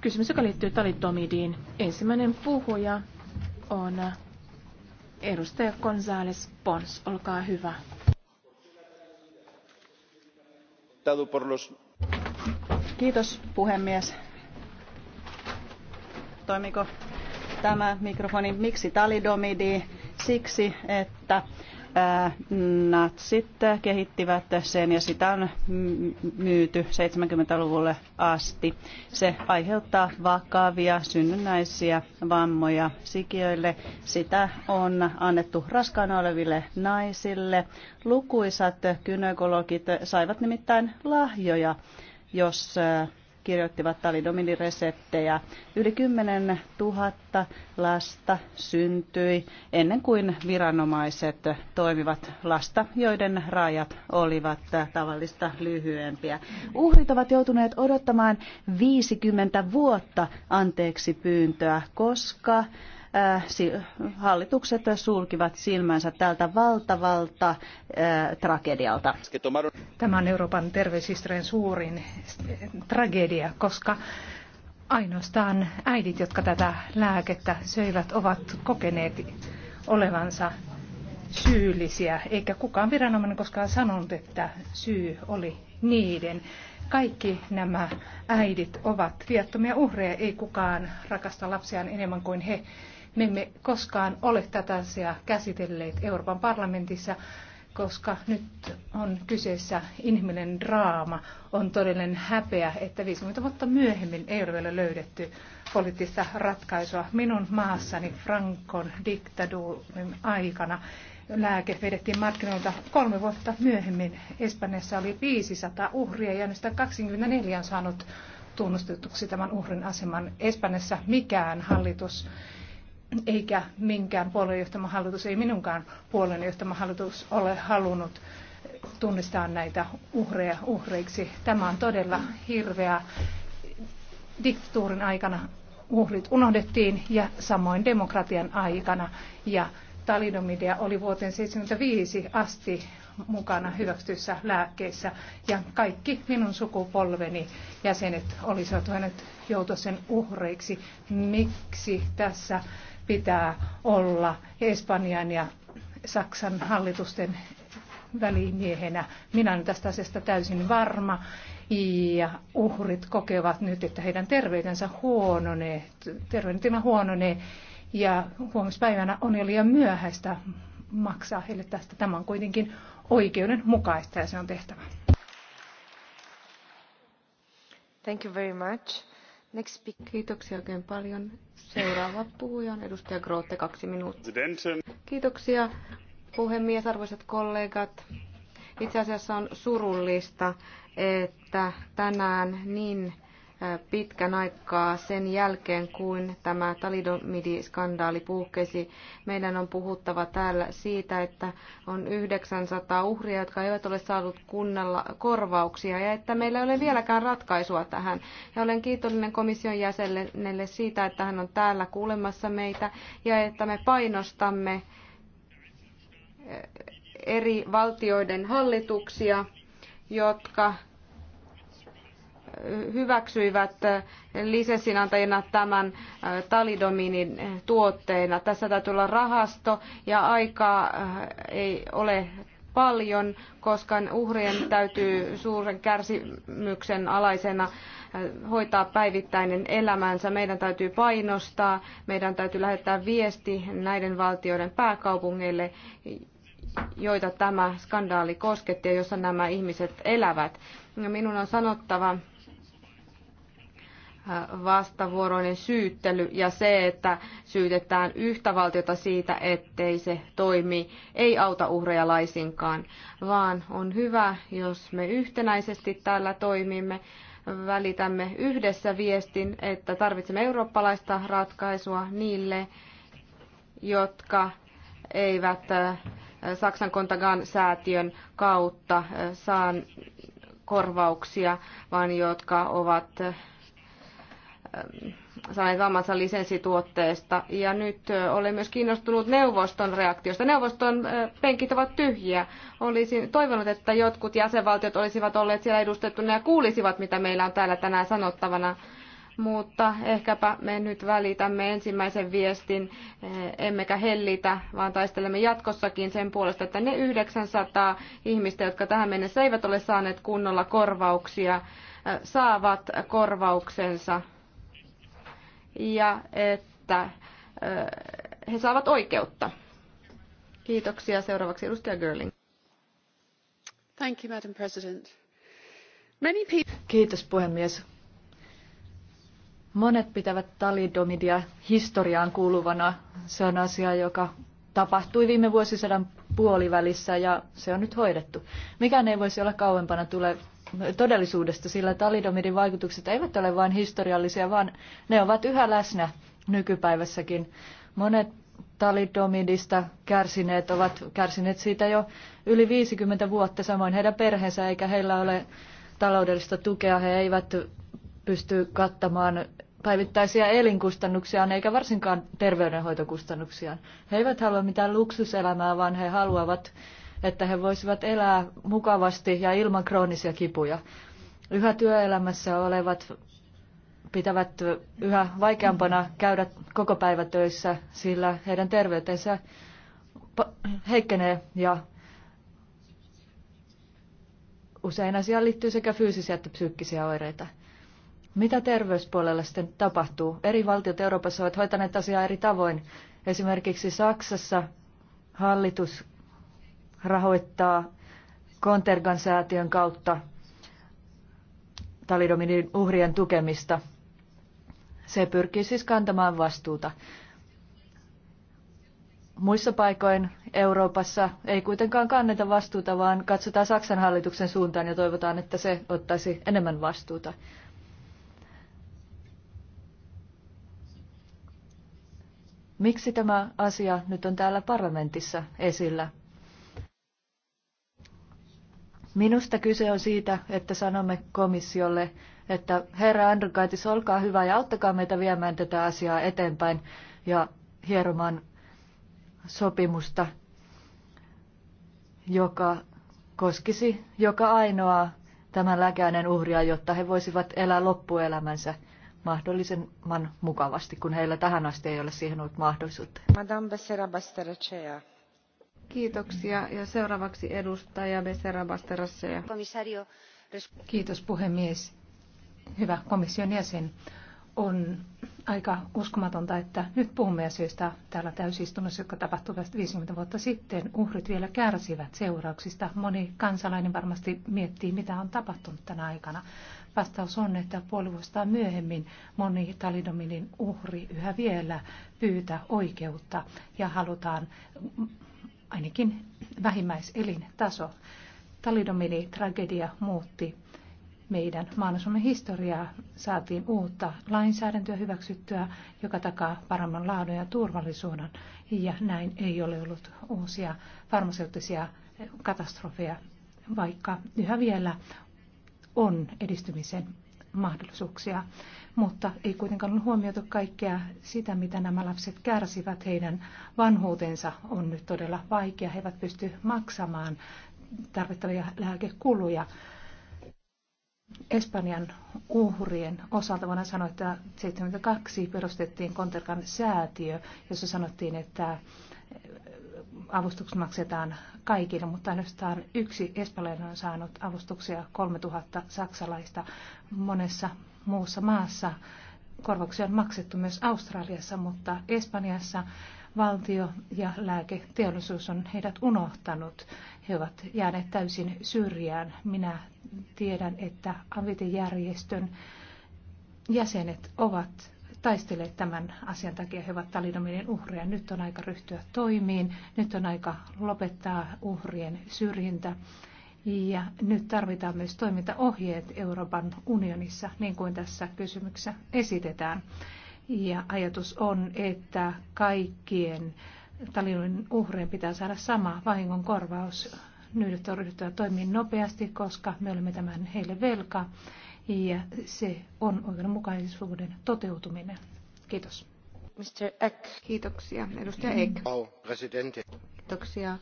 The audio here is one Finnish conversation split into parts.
kysymys, joka liittyy talitomidiin. Ensimmäinen puhuja on edustaja González Pons. Olkaa hyvä. Kiitos puhemies. Toimiko tämä mikrofoni? Miksi talidomidi? Siksi, että natsit kehittivät sen ja sitä on myyty 70-luvulle asti. Se aiheuttaa vakavia synnynnäisiä vammoja sikiöille. Sitä on annettu raskaana oleville naisille. Lukuisat kynekologit saivat nimittäin lahjoja, jos kirjoittivat domino-reseptejä Yli 10 000 lasta syntyi ennen kuin viranomaiset toimivat lasta, joiden rajat olivat tavallista lyhyempiä. Uhrit ovat joutuneet odottamaan 50 vuotta anteeksi pyyntöä, koska Äh, hallitukset sulkivat silmänsä tältä valtavalta äh, tragedialta. Tämä on Euroopan terveyshistorian suurin tragedia, koska ainoastaan äidit, jotka tätä lääkettä söivät, ovat kokeneet olevansa syyllisiä, eikä kukaan viranomainen koskaan sanonut, että syy oli niiden. Kaikki nämä äidit ovat viattomia uhreja, ei kukaan rakasta lapsiaan enemmän kuin he. Me emme koskaan ole tätä asiaa käsitelleet Euroopan parlamentissa, koska nyt on kyseessä inhimillinen draama. On todellinen häpeä, että 50 vuotta myöhemmin ei ole vielä löydetty poliittista ratkaisua. Minun maassani Frankon diktaduurin aikana lääke vedettiin markkinoilta kolme vuotta myöhemmin. Espanjassa oli 500 uhria ja niistä 24 on saanut tunnustetuksi tämän uhrin aseman. Espanjassa mikään hallitus eikä minkään puolueen johtama hallitus, ei minunkaan puolueen johtama hallitus ole halunnut tunnistaa näitä uhreja uhreiksi. Tämä on todella hirveä. Diktatuurin aikana uhrit unohdettiin ja samoin demokratian aikana. Ja talidomidia oli vuoteen 1975 asti mukana hyväksytyissä lääkkeissä. Ja kaikki minun sukupolveni jäsenet olisivat voineet joutua sen uhreiksi. Miksi tässä pitää olla Espanjan ja Saksan hallitusten välimiehenä. Minä olen tästä asiasta täysin varma. Ja uhrit kokevat nyt, että heidän terveytensä huononee, terveydentila huononee ja huomispäivänä on jo liian myöhäistä maksaa heille tästä. Tämä on kuitenkin oikeudenmukaista ja se on tehtävä. Thank you very much. Next speak. Kiitoksia oikein paljon. Seuraava puhuja on edustaja Grote, kaksi minuuttia. Kiitoksia puhemies, arvoisat kollegat. Itse asiassa on surullista, että tänään niin pitkän aikaa sen jälkeen, kun tämä talidomidiskandaali puhkesi. Meidän on puhuttava täällä siitä, että on 900 uhria, jotka eivät ole saanut kunnalla korvauksia ja että meillä ei ole vieläkään ratkaisua tähän. Ja olen kiitollinen komission jäsenelle siitä, että hän on täällä kuulemassa meitä ja että me painostamme eri valtioiden hallituksia, jotka hyväksyivät lisenssin antajina tämän talidominin tuotteena. Tässä täytyy olla rahasto ja aikaa ei ole paljon, koska uhrien täytyy suuren kärsimyksen alaisena hoitaa päivittäinen elämänsä. Meidän täytyy painostaa, meidän täytyy lähettää viesti näiden valtioiden pääkaupungeille, joita tämä skandaali kosketti ja jossa nämä ihmiset elävät. Minun on sanottava, Äh, vastavuoroinen syyttely ja se, että syytetään yhtä valtiota siitä, ettei se toimi, ei auta uhreja laisinkaan, vaan on hyvä, jos me yhtenäisesti täällä toimimme, välitämme yhdessä viestin, että tarvitsemme eurooppalaista ratkaisua niille, jotka eivät äh, Saksan Kontagan säätiön kautta äh, saa korvauksia, vaan jotka ovat sain saamansa lisenssituotteesta. Ja nyt olen myös kiinnostunut neuvoston reaktiosta. Neuvoston penkit ovat tyhjiä. Olisin toivonut, että jotkut jäsenvaltiot olisivat olleet siellä edustettuna ja kuulisivat, mitä meillä on täällä tänään sanottavana. Mutta ehkäpä me nyt välitämme ensimmäisen viestin, emmekä hellitä, vaan taistelemme jatkossakin sen puolesta, että ne 900 ihmistä, jotka tähän mennessä eivät ole saaneet kunnolla korvauksia, saavat korvauksensa ja että he saavat oikeutta. Kiitoksia. Seuraavaksi edustaja Görling. Thank you, Madam President. Many people... Kiitos puhemies. Monet pitävät talidomidia historiaan kuuluvana. Se on asia, joka tapahtui viime vuosisadan puolivälissä ja se on nyt hoidettu. Mikään ei voisi olla kauempana tule todellisuudesta, sillä talidomidin vaikutukset eivät ole vain historiallisia, vaan ne ovat yhä läsnä nykypäivässäkin. Monet talidomidista kärsineet ovat kärsineet siitä jo yli 50 vuotta, samoin heidän perheensä, eikä heillä ole taloudellista tukea. He eivät pysty kattamaan päivittäisiä elinkustannuksiaan eikä varsinkaan terveydenhoitokustannuksiaan. He eivät halua mitään luksuselämää, vaan he haluavat että he voisivat elää mukavasti ja ilman kroonisia kipuja. Yhä työelämässä olevat pitävät yhä vaikeampana käydä koko päivä töissä, sillä heidän terveytensä heikkenee ja usein asiaan liittyy sekä fyysisiä että psyykkisiä oireita. Mitä terveyspuolella sitten tapahtuu? Eri valtiot Euroopassa ovat hoitaneet asiaa eri tavoin. Esimerkiksi Saksassa hallitus rahoittaa Kontergan säätiön kautta talidomidin uhrien tukemista. Se pyrkii siis kantamaan vastuuta. Muissa paikoin Euroopassa ei kuitenkaan kanneta vastuuta, vaan katsotaan Saksan hallituksen suuntaan ja toivotaan, että se ottaisi enemmän vastuuta. Miksi tämä asia nyt on täällä parlamentissa esillä? Minusta kyse on siitä, että sanomme komissiolle, että herra Andrukaitis, olkaa hyvä ja auttakaa meitä viemään tätä asiaa eteenpäin ja hieromaan sopimusta, joka koskisi joka ainoa tämän lääkeaineen uhria, jotta he voisivat elää loppuelämänsä mahdollisimman mukavasti, kun heillä tähän asti ei ole siihen ollut mahdollisuutta. Madame Becerra Basteracea. Kiitoksia. Ja seuraavaksi edustaja Besera Basterasseja. Kiitos puhemies. Hyvä komission jäsen. On aika uskomatonta, että nyt puhumme asioista täällä täysistunnossa, jotka tapahtuivat 50 vuotta sitten. Uhrit vielä kärsivät seurauksista. Moni kansalainen varmasti miettii, mitä on tapahtunut tänä aikana. Vastaus on, että puoli vuotta myöhemmin moni talidominin uhri yhä vielä pyytää oikeutta ja halutaan ainakin vähimmäiselintaso. Talidomini tragedia muutti meidän maanosamme historiaa. Saatiin uutta lainsäädäntöä hyväksyttyä, joka takaa paremman laadun ja turvallisuuden. Ja näin ei ole ollut uusia farmaseuttisia katastrofeja, vaikka yhä vielä on edistymisen mahdollisuuksia mutta ei kuitenkaan ole huomioitu kaikkea sitä, mitä nämä lapset kärsivät. Heidän vanhuutensa on nyt todella vaikea. He eivät pysty maksamaan tarvittavia lääkekuluja. Espanjan uhrien osalta voidaan sanoa, että 1972 perustettiin Konterkan säätiö, jossa sanottiin, että avustukset maksetaan kaikille, mutta ainoastaan yksi espanjalainen on saanut avustuksia 3000 saksalaista. Monessa muussa maassa. Korvauksia on maksettu myös Australiassa, mutta Espanjassa valtio ja lääketeollisuus on heidät unohtanut. He ovat jääneet täysin syrjään. Minä tiedän, että avitejärjestön jäsenet ovat taistelleet tämän asian takia. He ovat talidominin uhreja. Nyt on aika ryhtyä toimiin. Nyt on aika lopettaa uhrien syrjintä. Ja nyt tarvitaan myös toimintaohjeet Euroopan unionissa, niin kuin tässä kysymyksessä esitetään. Ja ajatus on, että kaikkien talinoiden uhrien pitää saada sama vahingon korvaus. Nyt on ryhtyä toimiin nopeasti, koska me olemme tämän heille velka. Ja se on oikeudenmukaisuuden toteutuminen. Kiitos. Mr. Eck. Kiitoksia. Edustaja Eck. Kiitoksia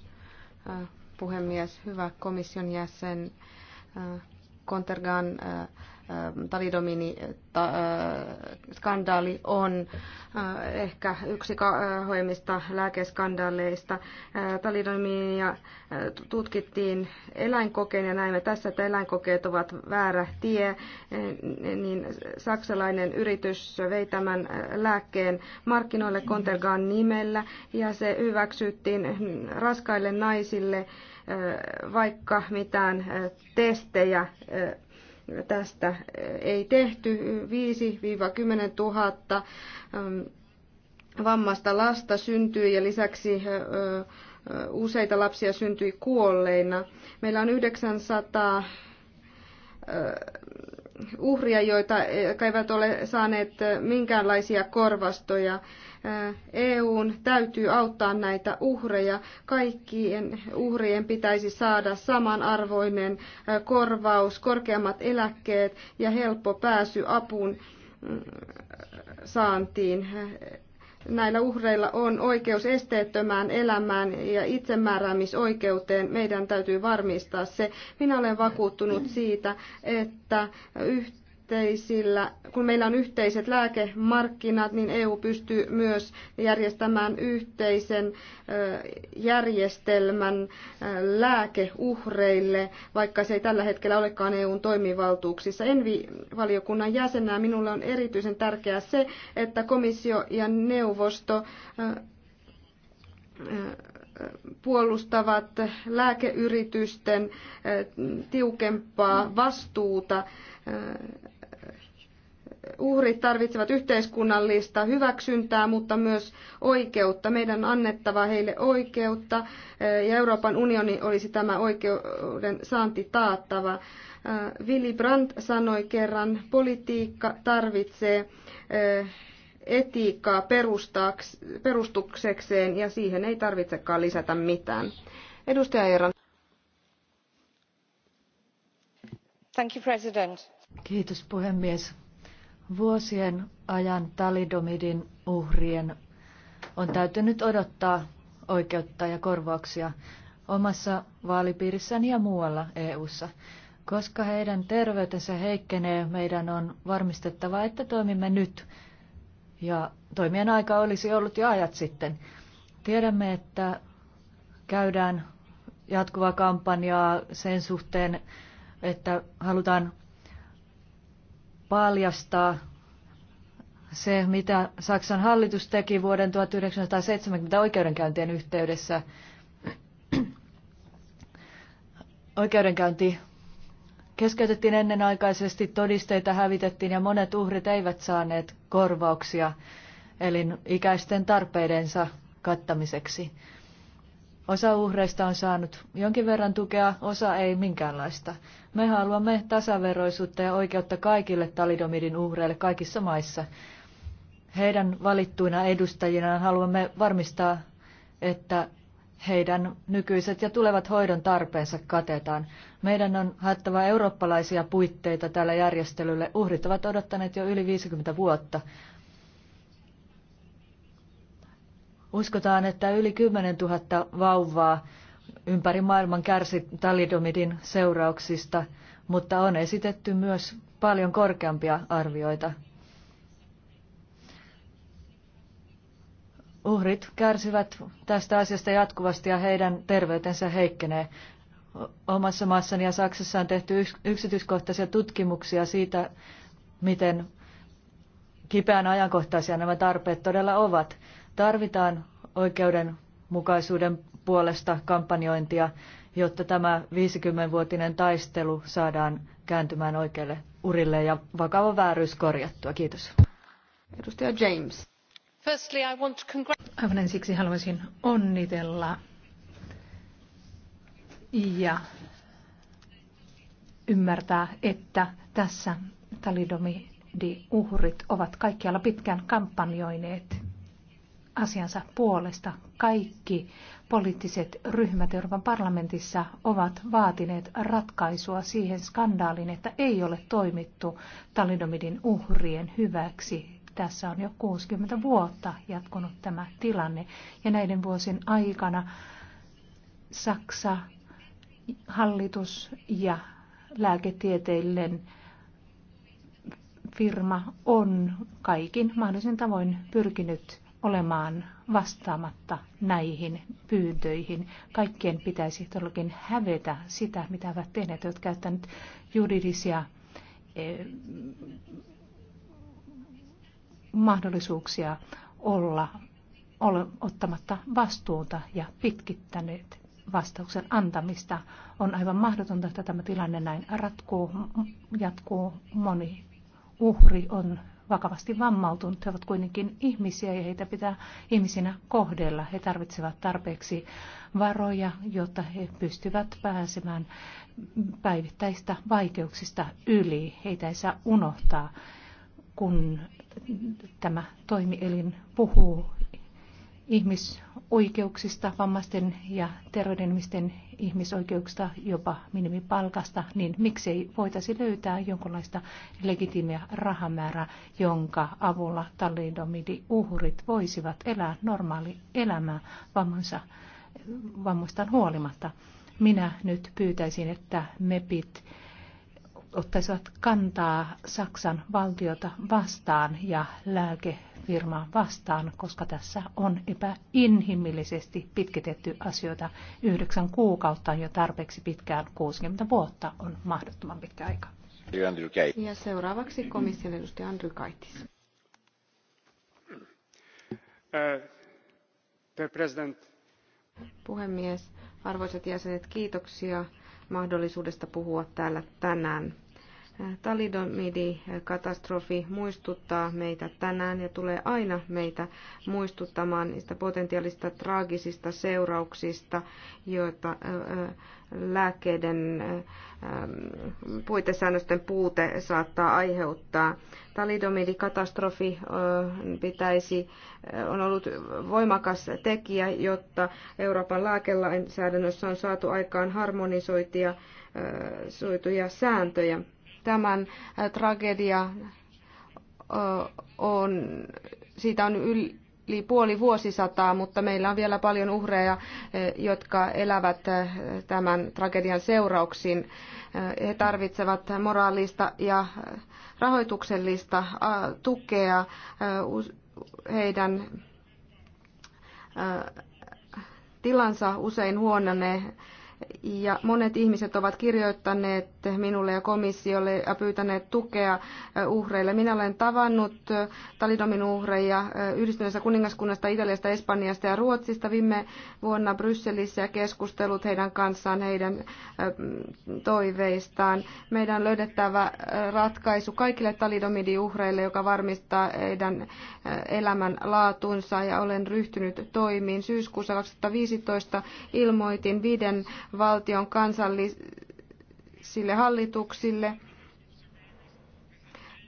äh, puhemies, hyvä komission jäsen. Äh, Kontergan äh, äh, talidomini äh, skandaali on ehkä yksi hoimista lääkeskandaaleista. Talidominia tutkittiin eläinkokeen ja näimme tässä, että eläinkokeet ovat väärä tie. Niin saksalainen yritys vei tämän lääkkeen markkinoille Kontergan nimellä ja se hyväksyttiin raskaille naisille vaikka mitään testejä tästä ei tehty. 5-10 000 vammasta lasta syntyi ja lisäksi useita lapsia syntyi kuolleina. Meillä on 900 uhria, joita eivät ole saaneet minkäänlaisia korvastoja. EUn täytyy auttaa näitä uhreja. Kaikkien uhrien pitäisi saada samanarvoinen korvaus, korkeammat eläkkeet ja helppo pääsy apuun saantiin. Näillä uhreilla on oikeus esteettömään elämään ja itsemääräämisoikeuteen. Meidän täytyy varmistaa se. Minä olen vakuuttunut siitä, että yhteydessä yhteisillä, kun meillä on yhteiset lääkemarkkinat, niin EU pystyy myös järjestämään yhteisen järjestelmän lääkeuhreille, vaikka se ei tällä hetkellä olekaan EUn toimivaltuuksissa. Envi-valiokunnan jäsenää minulle on erityisen tärkeää se, että komissio ja neuvosto puolustavat lääkeyritysten tiukempaa vastuuta uhrit tarvitsevat yhteiskunnallista hyväksyntää, mutta myös oikeutta. Meidän on annettava heille oikeutta eh, ja Euroopan unioni olisi tämä oikeuden saanti taattava. Eh, Willy Brandt sanoi kerran, politiikka tarvitsee eh, etiikkaa perustuksekseen ja siihen ei tarvitsekaan lisätä mitään. Edustaja Eeran. Thank you, President. Kiitos puhemies Vuosien ajan talidomidin uhrien on täytynyt odottaa oikeutta ja korvauksia omassa vaalipiirissäni ja muualla EU:ssa. Koska heidän terveytensä heikkenee, meidän on varmistettava, että toimimme nyt. Ja toimien aika olisi ollut jo ajat sitten. Tiedämme, että käydään jatkuvaa kampanjaa sen suhteen, että halutaan paljastaa se, mitä Saksan hallitus teki vuoden 1970 oikeudenkäyntien yhteydessä. Oikeudenkäynti keskeytettiin ennenaikaisesti, todisteita hävitettiin ja monet uhrit eivät saaneet korvauksia elinikäisten tarpeidensa kattamiseksi. Osa uhreista on saanut jonkin verran tukea, osa ei minkäänlaista. Me haluamme tasaveroisuutta ja oikeutta kaikille talidomidin uhreille kaikissa maissa. Heidän valittuina edustajinaan haluamme varmistaa, että heidän nykyiset ja tulevat hoidon tarpeensa katetaan. Meidän on haettava eurooppalaisia puitteita tällä järjestelylle. Uhrit ovat odottaneet jo yli 50 vuotta. Uskotaan, että yli 10 000 vauvaa ympäri maailman kärsi talidomidin seurauksista, mutta on esitetty myös paljon korkeampia arvioita. Uhrit kärsivät tästä asiasta jatkuvasti ja heidän terveytensä heikkenee. Omassa maassani ja Saksassa on tehty yksityiskohtaisia tutkimuksia siitä, miten kipeän ajankohtaisia nämä tarpeet todella ovat. Tarvitaan oikeudenmukaisuuden puolesta kampanjointia, jotta tämä 50-vuotinen taistelu saadaan kääntymään oikealle urille ja vakava vääryys korjattua. Kiitos. Edustaja James. Firstly, I want to Aivan ensiksi haluaisin onnitella ja ymmärtää, että tässä talidomidi-uhrit ovat kaikkialla pitkään kampanjoineet asiansa puolesta. Kaikki poliittiset ryhmät Euroopan parlamentissa ovat vaatineet ratkaisua siihen skandaaliin, että ei ole toimittu talidomidin uhrien hyväksi. Tässä on jo 60 vuotta jatkunut tämä tilanne ja näiden vuosien aikana Saksa, hallitus ja lääketieteellinen firma on kaikin mahdollisin tavoin pyrkinyt olemaan vastaamatta näihin pyyntöihin. Kaikkien pitäisi todellakin hävetä sitä, mitä ovat tehneet, jotka käyttäneet juridisia eh, mahdollisuuksia olla, olla ottamatta vastuuta ja pitkittäneet vastauksen antamista. On aivan mahdotonta, että tämä tilanne näin ratkuu, jatkuu. Moni uhri on vakavasti vammautunut. He ovat kuitenkin ihmisiä ja heitä pitää ihmisinä kohdella. He tarvitsevat tarpeeksi varoja, jotta he pystyvät pääsemään päivittäistä vaikeuksista yli. Heitä ei saa unohtaa, kun tämä toimielin puhuu ihmisoikeuksista, vammaisten ja terveydenmisten ihmisoikeuksista, jopa minimipalkasta, niin miksei voitaisi löytää jonkinlaista legitiimiä rahamäärää, jonka avulla talidomidi-uhrit voisivat elää normaali elämää vammansa, vammoistaan huolimatta. Minä nyt pyytäisin, että MEPit ottaisivat kantaa Saksan valtiota vastaan ja lääkefirmaa vastaan, koska tässä on epäinhimillisesti pitkitetty asioita. Yhdeksän kuukautta on jo tarpeeksi pitkään, 60 vuotta on mahdottoman pitkä aika. Ja seuraavaksi komission edustaja Andrew Kaitis. Uh, Puhemies, arvoisat jäsenet, kiitoksia mahdollisuudesta puhua täällä tänään. Talidomidi-katastrofi muistuttaa meitä tänään ja tulee aina meitä muistuttamaan niistä potentiaalista traagisista seurauksista, joita lääkkeiden puitesäännösten puute saattaa aiheuttaa. Talidomidi-katastrofi pitäisi, on ollut voimakas tekijä, jotta Euroopan lääkelainsäädännössä on saatu aikaan harmonisoituja sääntöjä tämän äh, tragedia on, siitä on yli puoli vuosisataa, mutta meillä on vielä paljon uhreja, äh, jotka elävät äh, tämän tragedian seurauksin. He tarvitsevat moraalista ja rahoituksellista tukea heidän tilansa usein huononee ja monet ihmiset ovat kirjoittaneet minulle ja komissiolle ja pyytäneet tukea uhreille. Minä olen tavannut Talidomin uhreja yhdistyneessä kuningaskunnasta, Italiasta, Espanjasta ja Ruotsista viime vuonna Brysselissä ja keskustellut heidän kanssaan heidän toiveistaan. Meidän on löydettävä ratkaisu kaikille talidomidin uhreille, joka varmistaa heidän elämän laatunsa ja olen ryhtynyt toimiin. Syyskuussa 2015 ilmoitin viiden valtion kansallis sille hallituksille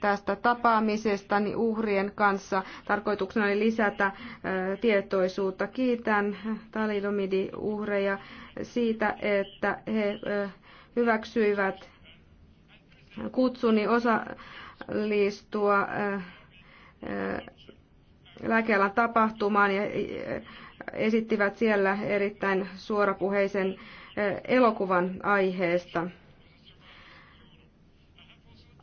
tästä tapaamisesta uhrien kanssa. Tarkoituksena oli lisätä tietoisuutta. Kiitän talidomidi-uhreja siitä, että he hyväksyivät kutsuni osallistua lääkealan tapahtumaan ja esittivät siellä erittäin suorapuheisen elokuvan aiheesta.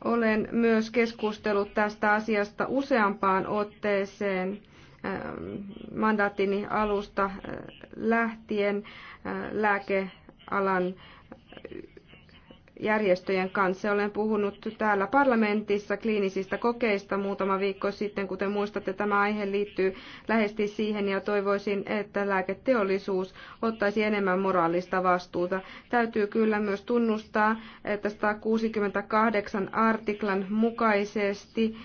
Olen myös keskustellut tästä asiasta useampaan otteeseen ähm, mandaattini alusta äh, lähtien äh, lääkealan järjestöjen kanssa. Olen puhunut täällä parlamentissa kliinisistä kokeista muutama viikko sitten. Kuten muistatte, tämä aihe liittyy lähesti siihen ja toivoisin, että lääketeollisuus ottaisi enemmän moraalista vastuuta. Täytyy kyllä myös tunnustaa, että 168 artiklan mukaisesti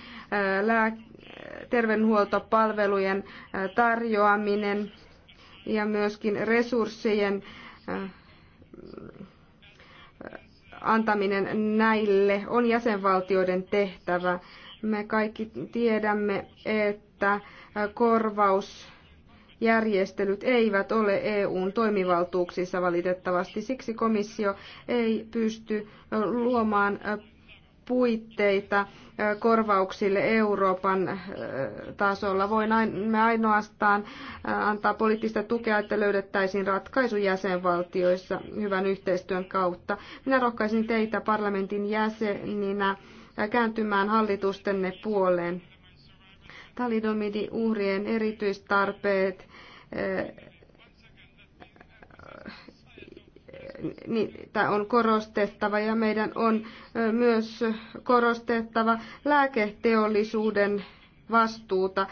terveydenhuoltopalvelujen tarjoaminen ja myöskin resurssien antaminen näille on jäsenvaltioiden tehtävä. Me kaikki tiedämme, että korvaus järjestelyt eivät ole EUn toimivaltuuksissa valitettavasti. Siksi komissio ei pysty luomaan puitteita korvauksille Euroopan tasolla. me ainoastaan antaa poliittista tukea, että löydettäisiin ratkaisu jäsenvaltioissa hyvän yhteistyön kautta. Minä rohkaisin teitä parlamentin jäseninä kääntymään hallitustenne puoleen. Talidomidi uhrien erityistarpeet niitä on korostettava ja meidän on myös korostettava lääketeollisuuden vastuuta.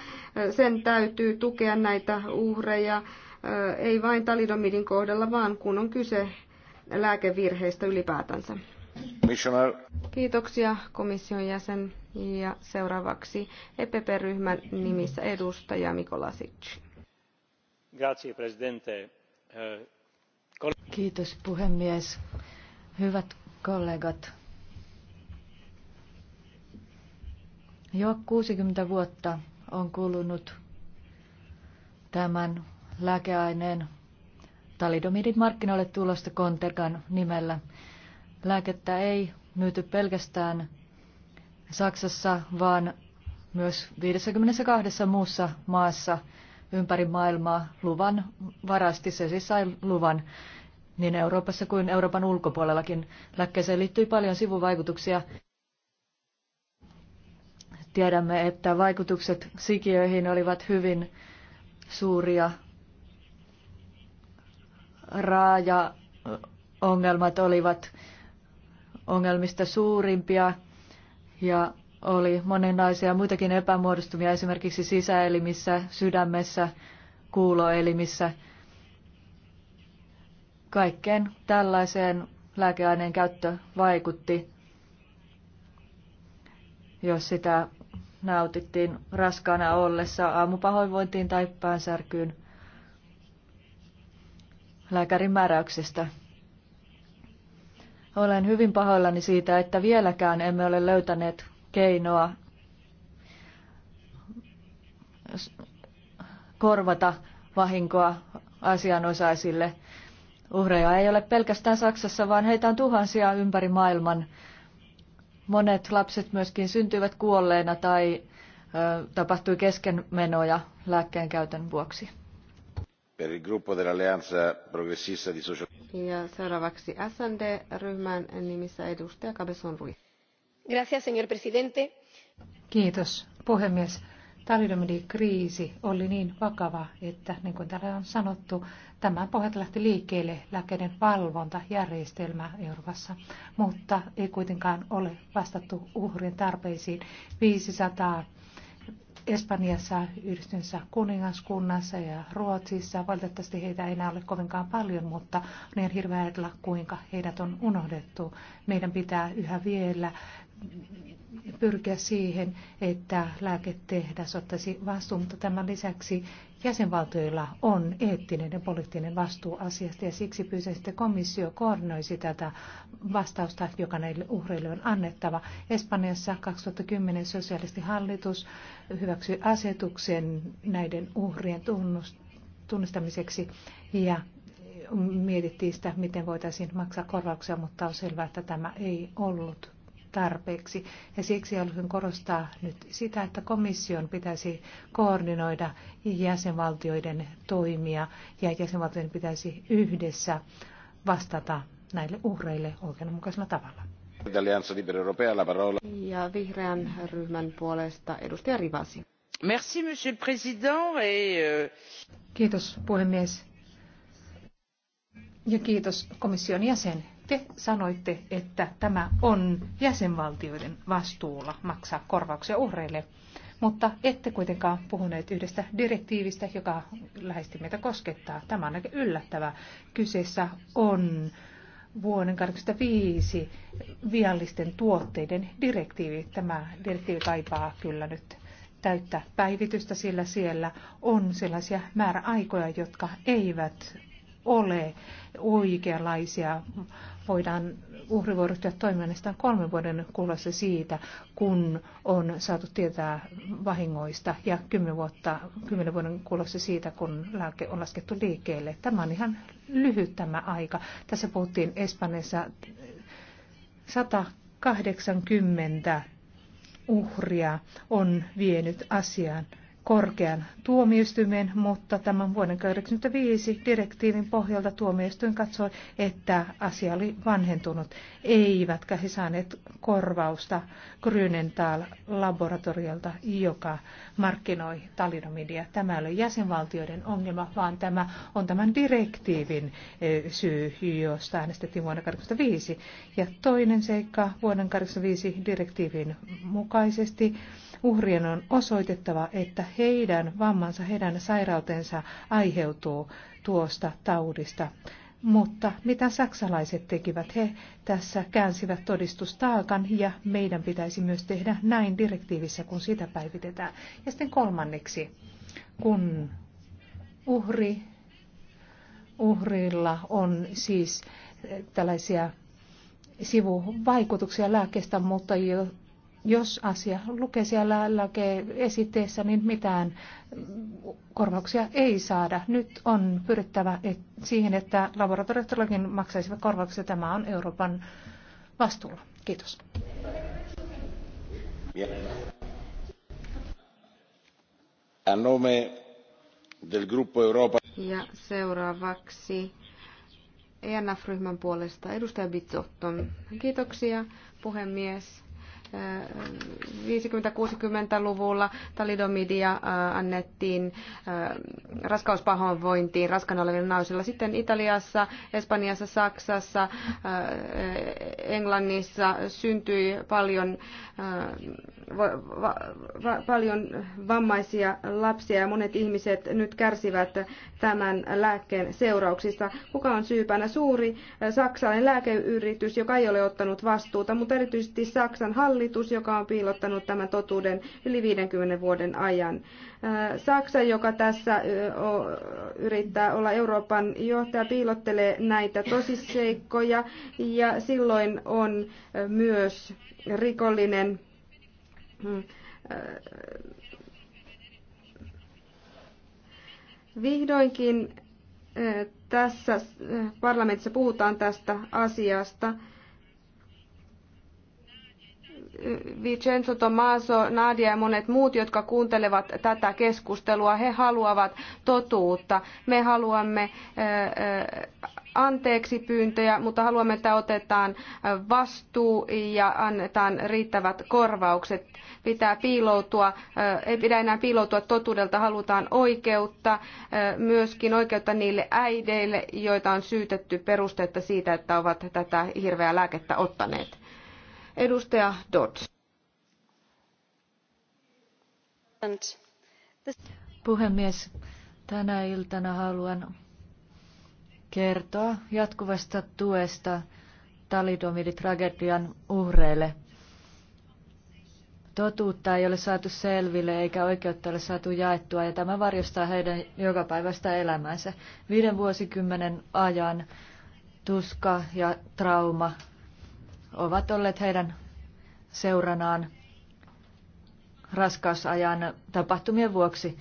Sen täytyy tukea näitä uhreja, ei vain talidomidin kohdalla, vaan kun on kyse lääkevirheistä ylipäätänsä. Kiitoksia komission jäsen ja seuraavaksi EPP-ryhmän nimissä edustaja Mikolasic. Grazie, presidente Kiitos puhemies. Hyvät kollegat. Jo 60 vuotta on kulunut tämän lääkeaineen talidomidin markkinoille tulosta Kontergan nimellä. Lääkettä ei myyty pelkästään Saksassa, vaan myös 52 muussa maassa ympäri maailmaa luvan varasti. Se siis sai luvan niin Euroopassa kuin Euroopan ulkopuolellakin. Lääkkeeseen liittyy paljon sivuvaikutuksia. Tiedämme, että vaikutukset sikiöihin olivat hyvin suuria. Raaja-ongelmat olivat ongelmista suurimpia ja oli monenlaisia muitakin epämuodostumia esimerkiksi sisäelimissä, sydämessä, kuuloelimissä. Kaikkeen tällaiseen lääkeaineen käyttö vaikutti, jos sitä nautittiin raskaana ollessa aamupahoinvointiin tai päänsärkyyn lääkärin määräyksestä. Olen hyvin pahoillani siitä, että vieläkään emme ole löytäneet keinoa korvata vahinkoa asianosaisille. Uhreja ei ole pelkästään Saksassa, vaan heitä on tuhansia ympäri maailman. Monet lapset myöskin syntyivät kuolleena tai ö, tapahtui keskenmenoja lääkkeen käytön vuoksi. Per il gruppo dell'Alleanza Progressista di Social... Ja seuraavaksi SND-ryhmän nimissä edustaja Cabezon Ruiz señor presidente Kiitos puhemies. Talidomidikriisi oli niin vakava, että niin kuin täällä on sanottu, tämän pohjalta lähti liikkeelle lääkkeiden valvontajärjestelmä Euroopassa, mutta ei kuitenkaan ole vastattu uhrien tarpeisiin. 500 Espanjassa, Yhdistyneessä kuningaskunnassa ja Ruotsissa. Valitettavasti heitä ei enää ole kovinkaan paljon, mutta on ihan hirveä ajatella, kuinka heidät on unohdettu. Meidän pitää yhä vielä pyrkiä siihen, että lääketehdas ottaisi vastuun, mutta tämän lisäksi jäsenvaltioilla on eettinen ja poliittinen vastuu asiasta ja siksi pyysin, että komissio koordinoisi tätä vastausta, joka näille uhreille on annettava. Espanjassa 2010 sosiaalisti hallitus hyväksyi asetuksen näiden uhrien tunnustamiseksi ja mietittiin sitä, miten voitaisiin maksaa korvauksia, mutta on selvää, että tämä ei ollut tarpeeksi. Ja siksi haluaisin korostaa nyt sitä, että komission pitäisi koordinoida jäsenvaltioiden toimia ja jäsenvaltioiden pitäisi yhdessä vastata näille uhreille oikeudenmukaisella tavalla. Ja vihreän ryhmän puolesta edustaja Rivasi. Merci, monsieur le président. Et... Euh, kiitos puhemies. Ja kiitos komission jäsen. Te sanoitte, että tämä on jäsenvaltioiden vastuulla maksaa korvauksia uhreille mutta ette kuitenkaan puhuneet yhdestä direktiivistä, joka lähesti meitä koskettaa. Tämä on aika yllättävää. Kyseessä on vuoden 2005 viallisten tuotteiden direktiivi. Tämä direktiivi kaipaa kyllä nyt täyttä päivitystä, sillä siellä on sellaisia määräaikoja, jotka eivät ole oikeanlaisia. Voidaan uhri voi ryhtyä toimimaan kolmen vuoden kuluessa siitä, kun on saatu tietää vahingoista ja kymmenen, vuotta, kymmenen vuoden kuluessa siitä, kun lääke on laskettu liikkeelle. Tämä on ihan lyhyt tämä aika. Tässä puhuttiin Espanjassa 180 uhria on vienyt asian korkean tuomioistuimen, mutta tämän vuoden 1985 direktiivin pohjalta tuomioistuin katsoi, että asia oli vanhentunut. Eivätkä he saaneet korvausta Grünenthal-laboratoriolta, joka markkinoi talidomidia. Tämä ei ole jäsenvaltioiden ongelma, vaan tämä on tämän direktiivin syy, josta äänestettiin vuonna 1985. Ja toinen seikka vuoden 1985 direktiivin mukaisesti Uhrien on osoitettava, että heidän vammansa, heidän sairautensa aiheutuu tuosta taudista. Mutta mitä saksalaiset tekivät? He tässä käänsivät todistustaakan ja meidän pitäisi myös tehdä näin direktiivissä, kun sitä päivitetään. Ja sitten kolmanneksi, kun uhri, uhrilla on siis eh, tällaisia sivuvaikutuksia lääkkeestä, mutta jos asia lukee siellä lakeesitteessä, niin mitään korvauksia ei saada. Nyt on pyrittävä siihen, että laboratoriotologin maksaisivat korvauksia. Tämä on Euroopan vastuulla. Kiitos. A nome del gruppo Europa. Ja seuraavaksi ENF-ryhmän puolesta edustaja Bitsotton. Kiitoksia puhemies 50-60-luvulla talidomidia äh, annettiin äh, raskauspahoinvointiin raskana oleville naisille. Sitten Italiassa, Espanjassa, Saksassa, äh, Englannissa syntyi paljon va, va, paljon vammaisia lapsia ja monet ihmiset nyt kärsivät tämän lääkkeen seurauksista. Kuka on syypänä? Suuri äh, saksalainen lääkeyritys, joka ei ole ottanut vastuuta, mutta erityisesti Saksan hallitus, joka on piilottanut tämän totuuden yli 50 vuoden ajan. Äh, Saksa, joka tässä yrittää olla Euroopan johtaja, piilottelee näitä tosiseikkoja ja silloin on myös rikollinen Hmm. Vihdoinkin eh, tässä eh, parlamentissa puhutaan tästä asiasta. Vincenzo Tomaso, Nadia ja monet muut, jotka kuuntelevat tätä keskustelua, he haluavat totuutta. Me haluamme anteeksi pyyntöjä, mutta haluamme, että otetaan vastuu ja annetaan riittävät korvaukset. Pitää piiloutua, ei pidä enää piiloutua totuudelta, halutaan oikeutta, myöskin oikeutta niille äideille, joita on syytetty perusteetta siitä, että ovat tätä hirveää lääkettä ottaneet. Edustaja Dodds. Puhemies, tänä iltana haluan kertoa jatkuvasta tuesta talidomiditragedian uhreille. Totuutta ei ole saatu selville eikä oikeutta ole saatu jaettua ja tämä varjostaa heidän jokapäiväistä elämäänsä. Viiden vuosikymmenen ajan tuska ja trauma ovat olleet heidän seuranaan raskausajan tapahtumien vuoksi.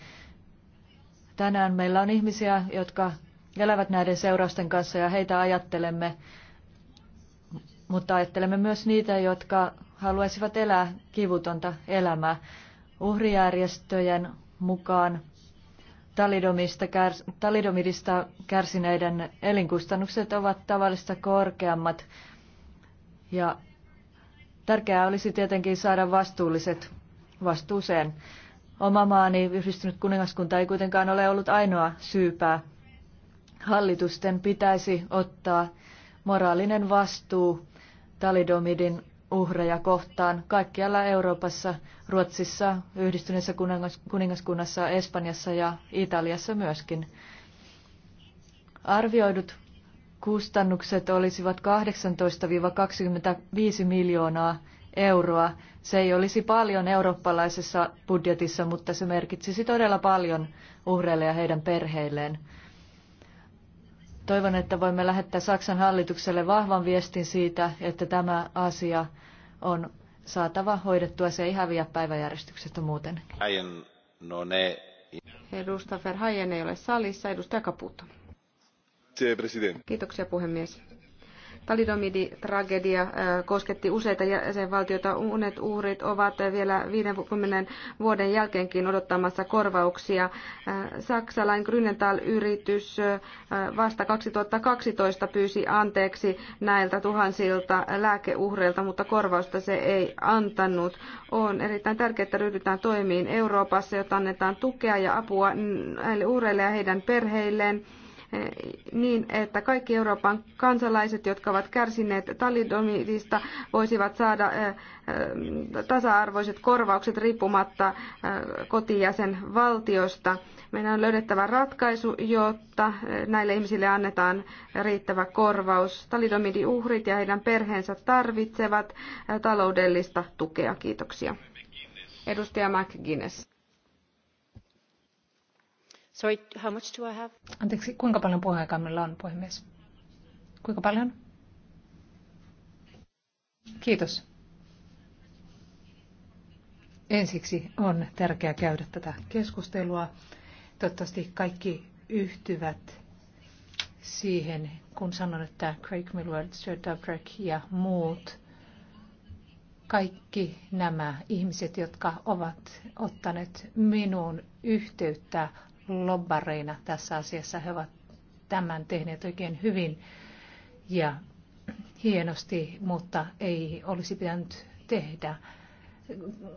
Tänään meillä on ihmisiä, jotka elävät näiden seurausten kanssa ja heitä ajattelemme, mutta ajattelemme myös niitä, jotka haluaisivat elää kivutonta elämää. Uhrijärjestöjen mukaan talidomista, kärs, talidomidista kärsineiden elinkustannukset ovat tavallista korkeammat ja tärkeää olisi tietenkin saada vastuulliset vastuuseen. Oma maani yhdistynyt kuningaskunta ei kuitenkaan ole ollut ainoa syypää. Hallitusten pitäisi ottaa moraalinen vastuu talidomidin uhreja kohtaan kaikkialla Euroopassa, Ruotsissa, yhdistyneessä kuningaskunnassa, Espanjassa ja Italiassa myöskin. Arvioidut kustannukset olisivat 18-25 miljoonaa euroa. Se ei olisi paljon eurooppalaisessa budjetissa, mutta se merkitsisi todella paljon uhreille ja heidän perheilleen. Toivon, että voimme lähettää Saksan hallitukselle vahvan viestin siitä, että tämä asia on saatava hoidettua. Se ei häviä päiväjärjestyksestä muuten. Edustaja Verhaien ei ole salissa. Edustaja Kiitoksia puhemies. talidomidin tragedia äh, kosketti useita jäsenvaltioita. Unet uhrit ovat vielä viisikymmentä vuoden jälkeenkin odottamassa korvauksia. Äh, Saksalainen Grünenthal-yritys äh, vasta kaksitoista pyysi anteeksi näiltä tuhansilta lääkeuhreilta, mutta korvausta se ei antanut. On erittäin tärkeää, että ryhdytään toimiin Euroopassa, jotta annetaan tukea ja apua näille uhreille ja heidän perheilleen niin, että kaikki Euroopan kansalaiset, jotka ovat kärsineet talidomidista, voisivat saada eh, eh, tasa-arvoiset korvaukset riippumatta eh, kotijäsenvaltiosta. Meidän on löydettävä ratkaisu, jotta näille ihmisille annetaan riittävä korvaus. Talidomidin uhrit ja heidän perheensä tarvitsevat taloudellista tukea. Kiitoksia. Edustaja McGuinness. Sorry, how much do I have? Anteeksi, kuinka paljon puheaikaa meillä on, puhemies? Kuinka paljon? Kiitos. Ensiksi on tärkeää käydä tätä keskustelua. Toivottavasti kaikki yhtyvät siihen, kun sanon, että Craig Millward, Sir Dobrik ja muut, kaikki nämä ihmiset, jotka ovat ottaneet minuun yhteyttä lobbareina tässä asiassa. He ovat tämän tehneet oikein hyvin ja hienosti, mutta ei olisi pitänyt tehdä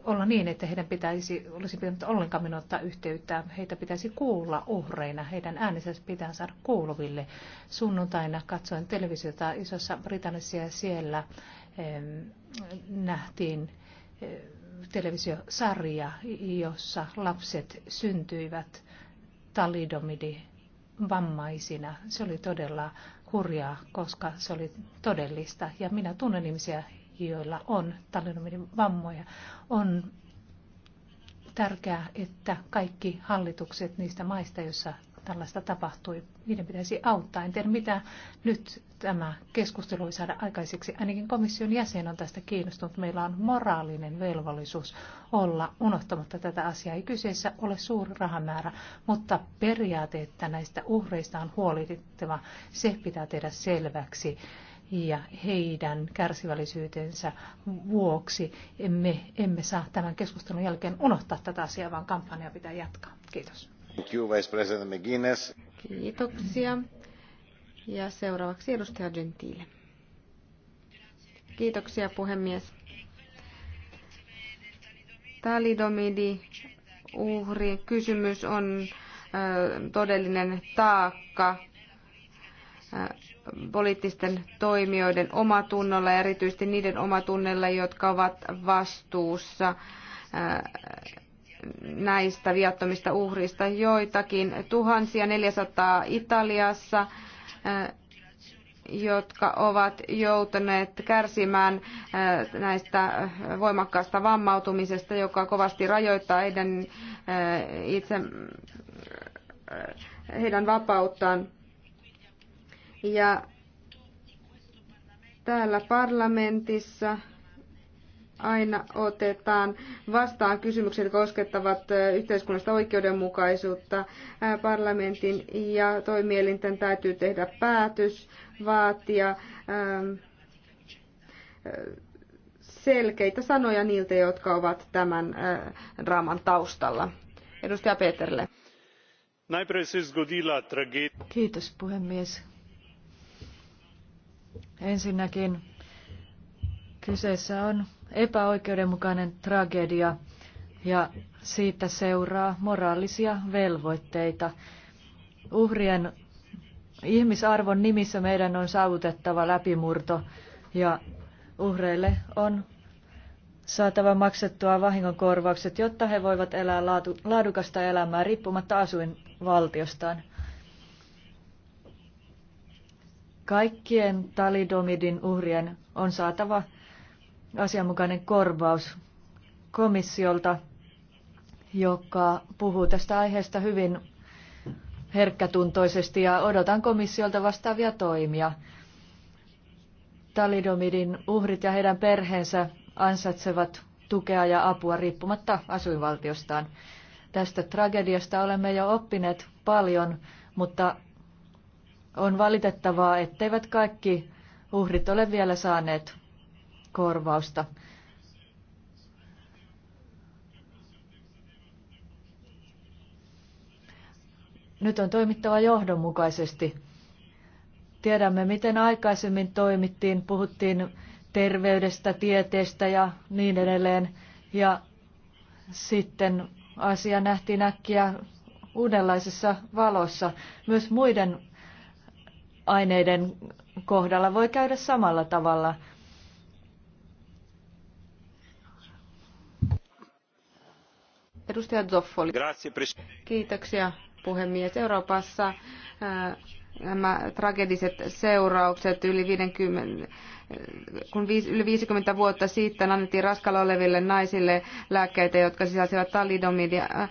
olla niin, että heidän pitäisi, olisi pitänyt ollenkaan minua ottaa yhteyttä. Heitä pitäisi kuulla uhreina. Heidän äänensä pitää saada kuuluville. Sunnuntaina katsoin televisiota Isossa Britannissa ja siellä eh, nähtiin eh, televisiosarja, jossa lapset syntyivät talidomidi vammaisina. Se oli todella hurjaa, koska se oli todellista. Ja minä tunnen ihmisiä, joilla on talidomidin vammoja. On tärkeää, että kaikki hallitukset niistä maista, joissa tällaista tapahtui, niiden pitäisi auttaa. En tiedä, mitä nyt tämä keskustelu ei saada aikaiseksi. Ainakin komission jäsen on tästä kiinnostunut. Meillä on moraalinen velvollisuus olla unohtamatta tätä asiaa. Ei kyseessä ole suuri rahamäärä, mutta periaate, että näistä uhreista on huolehdittava, se pitää tehdä selväksi ja heidän kärsivällisyytensä vuoksi emme, emme saa tämän keskustelun jälkeen unohtaa tätä asiaa, vaan kampanja pitää jatkaa. Kiitos. Kiitoksia ja seuraavaksi edustaja Gentile. Kiitoksia puhemies. Talidomidi uhri kysymys on todellinen taakka poliittisten toimijoiden omatunnolla ja erityisesti niiden omatunnella, jotka ovat vastuussa näistä viattomista uhrista. Joitakin tuhansia, 400 Italiassa, jotka ovat joutuneet kärsimään näistä voimakkaasta vammautumisesta, joka kovasti rajoittaa heidän, itse, heidän vapauttaan. Ja täällä parlamentissa aina otetaan vastaan kysymykset, jotka koskettavat yhteiskunnallista oikeudenmukaisuutta. Parlamentin ja toimielinten täytyy tehdä päätös, vaatia selkeitä sanoja niiltä, jotka ovat tämän draaman taustalla. Edustaja Peterle. Kiitos puhemies. Ensinnäkin kyseessä on epäoikeudenmukainen tragedia ja siitä seuraa moraalisia velvoitteita. Uhrien ihmisarvon nimissä meidän on saavutettava läpimurto ja uhreille on saatava maksettua vahingonkorvaukset, jotta he voivat elää laatu, laadukasta elämää riippumatta asuinvaltiostaan. Kaikkien talidomidin uhrien on saatava asianmukainen korvaus komissiolta, joka puhuu tästä aiheesta hyvin herkkätuntoisesti ja odotan komissiolta vastaavia toimia. Talidomidin uhrit ja heidän perheensä ansaitsevat tukea ja apua riippumatta asuinvaltiostaan. Tästä tragediasta olemme jo oppineet paljon, mutta on valitettavaa, etteivät kaikki uhrit ole vielä saaneet korvausta. Nyt on toimittava johdonmukaisesti. Tiedämme, miten aikaisemmin toimittiin, puhuttiin terveydestä, tieteestä ja niin edelleen. Ja sitten asia nähtiin äkkiä uudenlaisessa valossa. Myös muiden aineiden kohdalla voi käydä samalla tavalla. Edustaja Zoffoli. Kiitoksia puhemies. Euroopassa nämä tragediset seuraukset yli 50 kun yli 50 vuotta sitten annettiin raskalla oleville naisille lääkkeitä, jotka sisälsivät talidomidia. Äh, äh,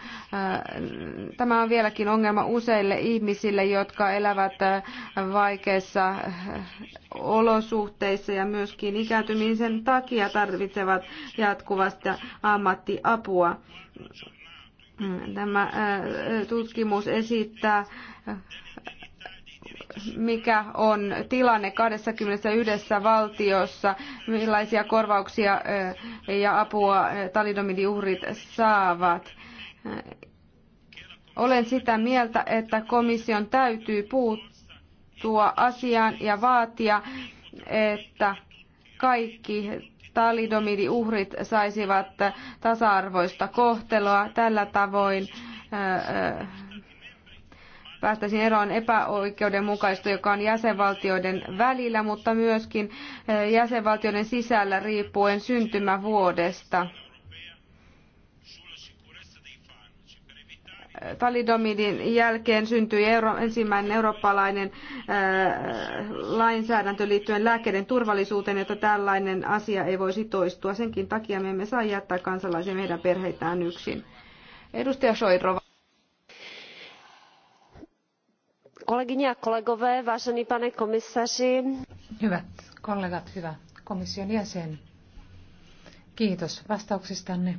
tämä on vieläkin ongelma useille ihmisille, jotka elävät äh, vaikeissa olosuhteissa ja myöskin ikääntymisen takia tarvitsevat jatkuvasti ammattiapua. Tämä tutkimus esittää mikä on tilanne 21 valtiossa, millaisia korvauksia ja apua talidomidiuhrit saavat. Olen sitä mieltä, että komission täytyy puuttua asiaan ja vaatia, että kaikki talidomidiuhrit saisivat tasa-arvoista kohtelua tällä tavoin päästäisiin eroon epäoikeudenmukaista, joka on jäsenvaltioiden välillä, mutta myöskin eh, jäsenvaltioiden sisällä riippuen syntymävuodesta. talidomidin jälkeen syntyi euro, ensimmäinen eurooppalainen ää, eh, lainsäädäntö liittyen lääkkeiden turvallisuuteen, että tällainen asia ei voisi toistua. Senkin takia me emme saa jättää kansalaisia meidän perheitään yksin. Edustaja Soirova. kolegyně a kolegové vážený pane komisaři hyvät kollegat hyvä komission jäsen kiitos vastauksistanne.